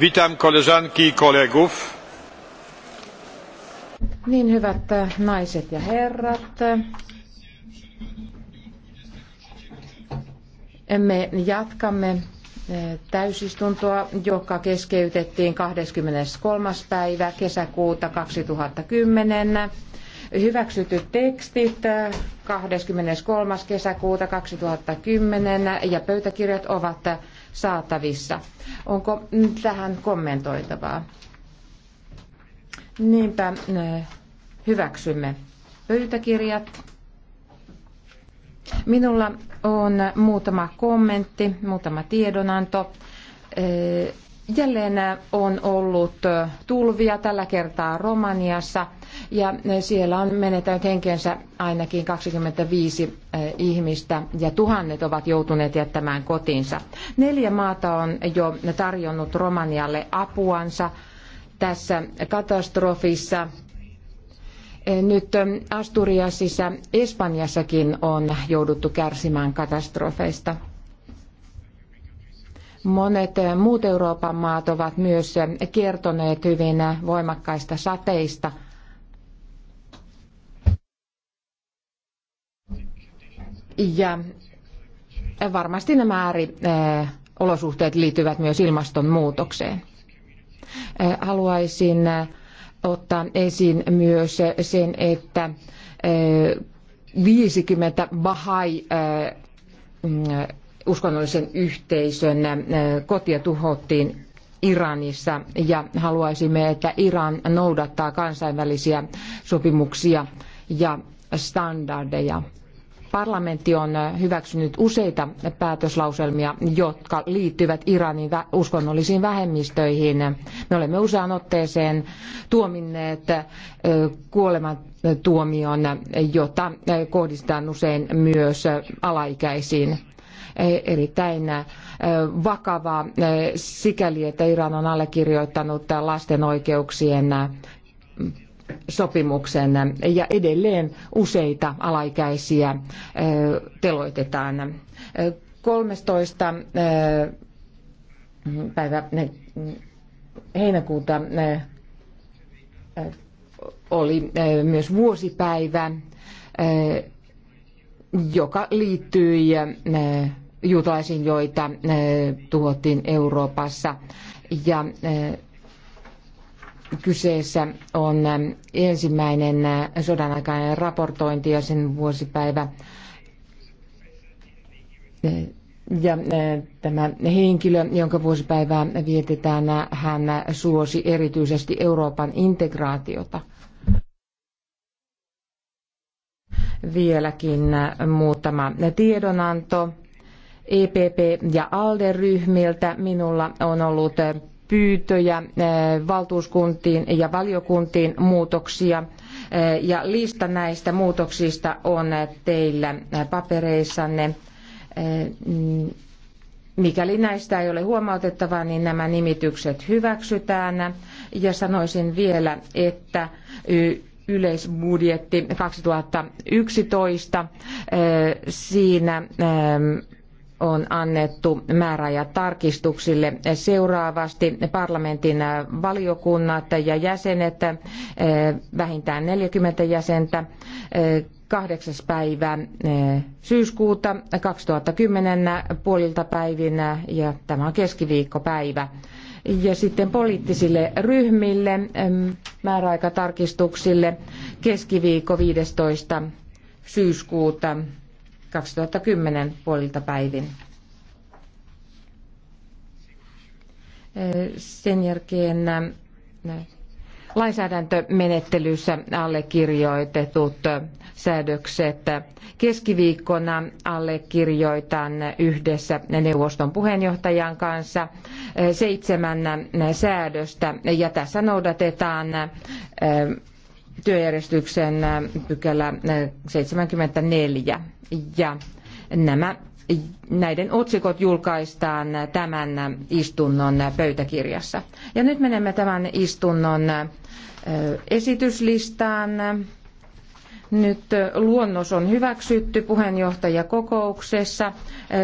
Witam koleżanki i kolegów. Niin hyvät äh, naiset ja herrat. Me jatkamme äh, täysistuntoa, joka keskeytettiin 23. päivä kesäkuuta 2010. Hyväksytyt tekstit 23. Äh, kesäkuuta 2010 ja pöytäkirjat ovat saatavissa. Onko tähän kommentoitavaa? Niinpä eh, hyväksymme pöytäkirjat. Minulla on muutama kommentti, muutama tiedonanto. Eh, Jälleen on ollut tulvia tällä kertaa Romaniassa ja siellä on menettänyt henkensä ainakin 25 eh, ihmistä ja tuhannet ovat joutuneet jättämään kotinsa. Neljä maata on jo tarjonnut Romanialle apuansa tässä katastrofissa. Eh, nyt eh, Asturiasissa, Espanjassakin on jouduttu kärsimään katastrofeista. Monet eh, muut Euroopan maat ovat myös eh, kertoneet hyvin eh, voimakkaista sateista. Ja varmasti nämä ääriolosuhteet liittyvät myös ilmastonmuutokseen. Haluaisin ottaa esiin myös sen, että 50 Bahai mm, uskonnollisen yhteisön kotia tuhottiin Iranissa ja haluaisimme, että Iran noudattaa kansainvälisiä sopimuksia ja standardeja. Parlamentti on hyväksynyt useita päätöslauselmia, jotka liittyvät Iranin uskonnollisiin vähemmistöihin. Me olemme useaan otteeseen tuominneet kuolemantuomion, jota kohdistetaan usein myös alaikäisiin. E, erittäin e, vakava e, sikäli, että Iran on allekirjoittanut lasten oikeuksien sopimuksen ja edelleen useita alaikäisiä teloitetaan. 13. päivä heinäkuuta oli myös vuosipäivä joka liittyi eh, juutalaisiin, joita eh, tuotiin Euroopassa. Ja eh, kyseessä on ensimmäinen sodan aikainen raportointi ja sen vuosipäivä. Ja tämä henkilö, jonka vuosipäivää vietetään, hän suosi erityisesti Euroopan integraatiota – vieläkin muutama tiedonanto. EPP- ja ALDE-ryhmiltä minulla on ollut pyyntöjä eh, valtuuskuntiin ja valiokuntiin muutoksia. Eh, ja lista näistä muutoksista on teillä papereissanne. Eh, mikäli näistä ei ole huomautettavaa, niin nämä nimitykset hyväksytään. Ja sanoisin vielä, että yleisbudjetti 2011. Siinä on annettu määräajat tarkistuksille seuraavasti parlamentin valiokunnat ja jäsenet, vähintään 40 jäsentä, 8. päivä syyskuuta 2010 puolilta päivinä ja tämä on keskiviikkopäivä. Ja sitten poliittisille ryhmille määräaikatarkistuksille keskiviikko 15. syyskuuta 2010 puolilta päivin. Sen jälkeen lainsäädäntömenettelyssä allekirjoitetut säädökset. Keskiviikkona allekirjoitan yhdessä neuvoston puheenjohtajan kanssa seitsemän säädöstä ja tässä noudatetaan työjärjestyksen pykälä 74 ja nämä näiden otsikot julkaistaan tämän istunnon pöytäkirjassa. Ja nyt menemme tämän istunnon esityslistaan. Nyt luonnos on hyväksytty puheenjohtajakokouksessa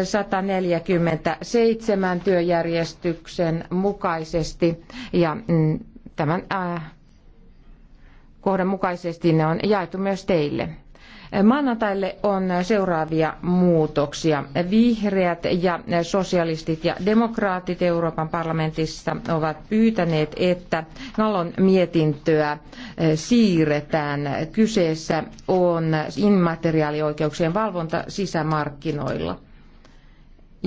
147 työjärjestyksen mukaisesti ja mm, tämän kohdan mukaisesti ne on jaettu myös teille. Maanantaille on seuraavia muutoksia. Vihreät ja sosialistit ja demokraatit Euroopan parlamentissa ovat pyytäneet, että Nalon mietintöä eh, siirretään. Kyseessä on immateriaalioikeuksien valvonta sisämarkkinoilla.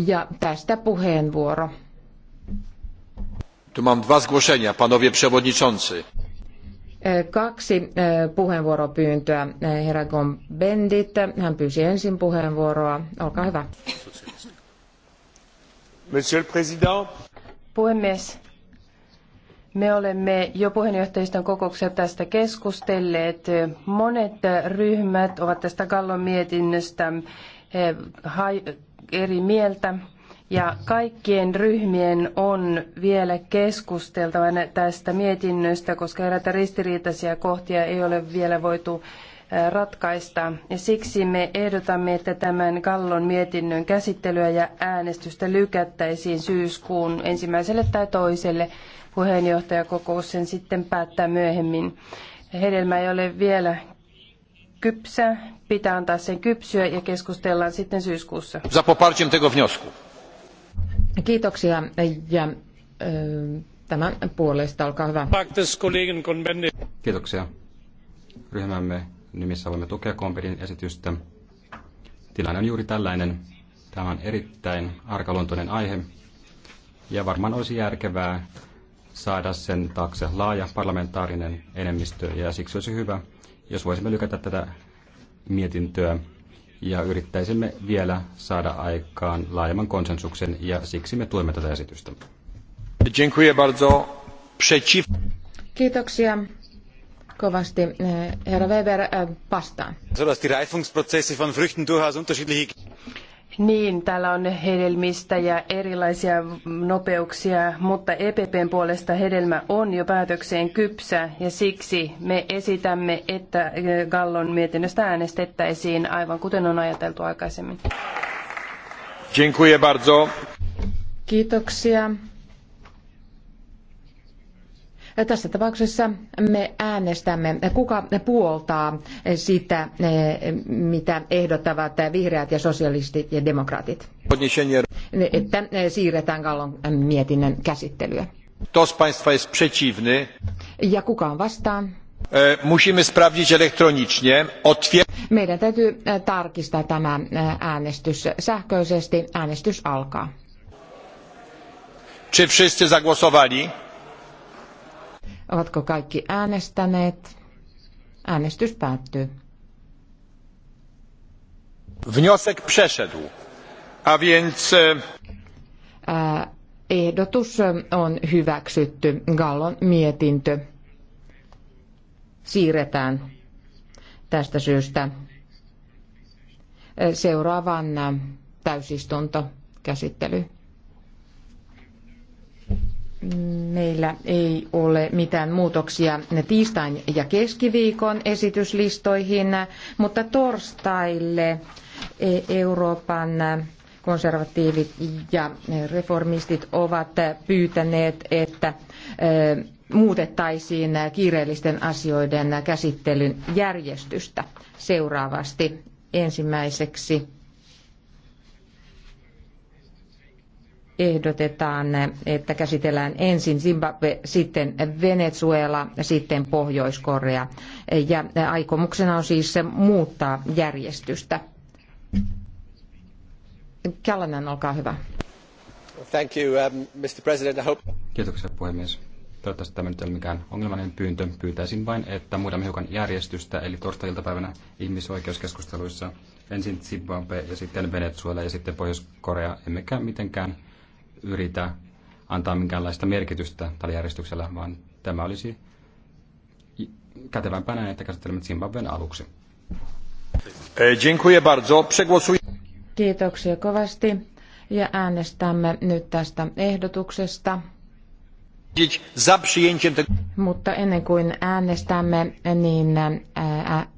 Ja tästä puheenvuoro. Tu mam dwa zgłoszenia, panowie przewodniczący. Kaksi eh, puheenvuoropyyntöä. Herra Bendit, hän pyysi ensin puheenvuoroa. Olkaa hyvä. Monsieur le Président. Puhemies, me olemme jo puheenjohtajiston kokouksessa tästä keskustelleet. Monet ryhmät ovat tästä Gallon mietinnöstä eh, eri mieltä. Ja kaikkien ryhmien on vielä keskusteltava tästä mietinnöstä, koska eräitä ristiriitaisia kohtia ei ole vielä voitu ratkaista. Ja siksi me ehdotamme, että tämän Kallon mietinnön käsittelyä ja äänestystä lykättäisiin syyskuun ensimmäiselle tai toiselle. Puheenjohtajakokous sen sitten päättää myöhemmin. Hedelmä ei ole vielä kypsä, pitää antaa sen kypsyä ja keskustellaan sitten syyskuussa. Za poparciem tego wniosku. Kiitoksia ja tämän puolesta, olkaa hyvä. Kiitoksia. Ryhmämme nimissä voimme tukea Kompedin esitystä. Tilanne on juuri tällainen. Tämä on erittäin arkaluontoinen aihe ja varmaan olisi järkevää saada sen taakse laaja parlamentaarinen enemmistö ja siksi olisi hyvä, jos voisimme lykätä tätä mietintöä ja yrittäisimme vielä saada aikaan laajemman konsensuksen ja siksi me tuemme tätä esitystä. Kiitoksia kovasti. Herra Weber, äh, vastaan. Dass Reifungsprozesse von Früchten durchaus unterschiedliche niin, täällä on hedelmistä ja erilaisia nopeuksia, mutta EPPn puolesta hedelmä on jo päätökseen kypsä ja siksi me esitämme, että äh, Gallon mietinnöstä äänestettäisiin aivan kuten on ajateltu aikaisemmin. Dziękuję bardzo. Kiitoksia. Tässä tapauksessa me äänestämme, kuka puoltaa sitä, mitä ehdottavat vihreät ja sosialistit ja demokraatit. Niin, että siirretään Gallon mietinnön käsittelyä. Kto Państwa jest przeciwny? Ja kuka on vastaan? E, musimy sprawdzić elektronicznie. Otwier- Meidän täytyy e, tarkistaa tämä e, äänestys sähköisesti. Äänestys alkaa. Czy wszyscy zagłosowali? Ovatko kaikki äänestäneet? Äänestys päättyy. Wniosek przeszedł. A więc... E, ehdotus e, on hyväksytty. Gallon mietintö siirretään tästä syystä e, seuraavan täysistuntokäsittelyyn. Mm. Meillä ei ole mitään muutoksia tiistain ja keskiviikon esityslistoihin, mutta torstaille e- Euroopan konservatiivit ja reformistit ovat pyytäneet, että e, muutettaisiin kiireellisten asioiden käsittelyn järjestystä seuraavasti ensimmäiseksi ehdotetaan, että käsitellään ensin Zimbabwe, sitten Venezuela, sitten Pohjois-Korea. Ja aikomuksena on siis muuttaa järjestystä. Callanan, olkaa hyvä. Thank you, um, Mr. President. I hope... Kiitoksia puhemies. Toivottavasti tämä nyt ei ole mikään ongelmallinen pyyntö. Pyytäisin vain, että muutamme hiukan järjestystä, eli torstai-iltapäivänä ihmisoikeuskeskusteluissa ensin Zimbabwe ja sitten Venezuela ja sitten Pohjois-Korea, emmekä mitenkään yritä antaa minkäänlaista merkitystä tällä järjestyksellä, vaan tämä olisi kätevämpänä, että käsittelemme Zimbabwen aluksi. E, Kiitoksia kovasti ja äänestämme nyt tästä ehdotuksesta. Mutta ennen kuin äänestämme, niin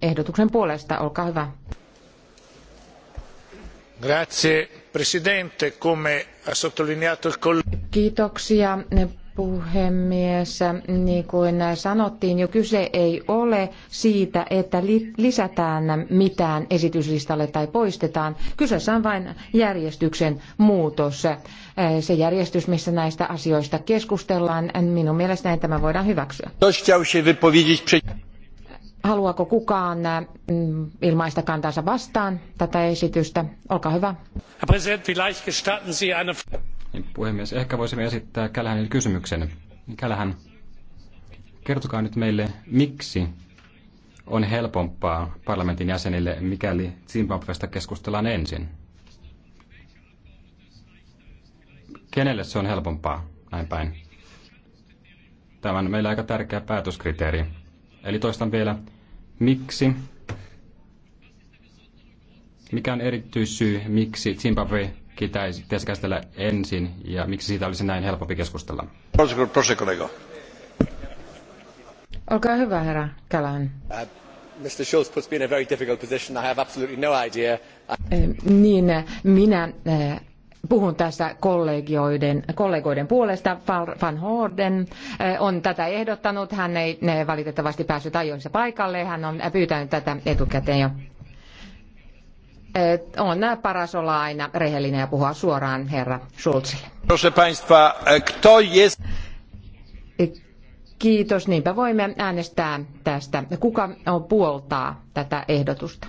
ehdotuksen puolesta, olkaa hyvä. Grazie. Presidente, come ha sottolineato il collega. puhemies. Niin kuin sanottiin jo, kyse ei ole siitä, että lisätään mitään esityslistalle tai poistetaan. Kyseessä on vain järjestyksen muutos. Se järjestys, missä näistä asioista keskustellaan, minun mielestäni tämä voidaan hyväksyä. Haluaako kukaan äh, mm, ilmaista kantansa vastaan tätä esitystä? Olkaa hyvä. Niin, puhemies, ehkä voisimme esittää Kälähänille kysymyksen. Kälähän, niin, kertokaa nyt meille, miksi on helpompaa parlamentin jäsenille, mikäli Zimbabwesta keskustellaan ensin? Kenelle se on helpompaa? Näin päin. Tämä on meillä aika tärkeä päätöskriteeri. Eli toistan vielä, Miksi? Mikä on erityissyy, miksi Zimbabwe pitäisi käsitellä ensin ja miksi siitä olisi näin helpompi keskustella? Olkaa hyvä, herra Kalan. Uh, Mr. Schulz puts me in a very difficult position. I have absolutely no idea. Eh, niin, minä eh, Puhun tässä kollegioiden, kollegoiden puolesta. Van Horden eh, on tätä ehdottanut. Hän ei valitettavasti päässyt ajoissa paikalle. Hän on pyytänyt tätä etukäteen jo. Eh, on paras olla aina rehellinen ja puhua suoraan herra Schulzille. E, e, kiitos. Niinpä voimme äänestää tästä. Kuka puoltaa tätä ehdotusta?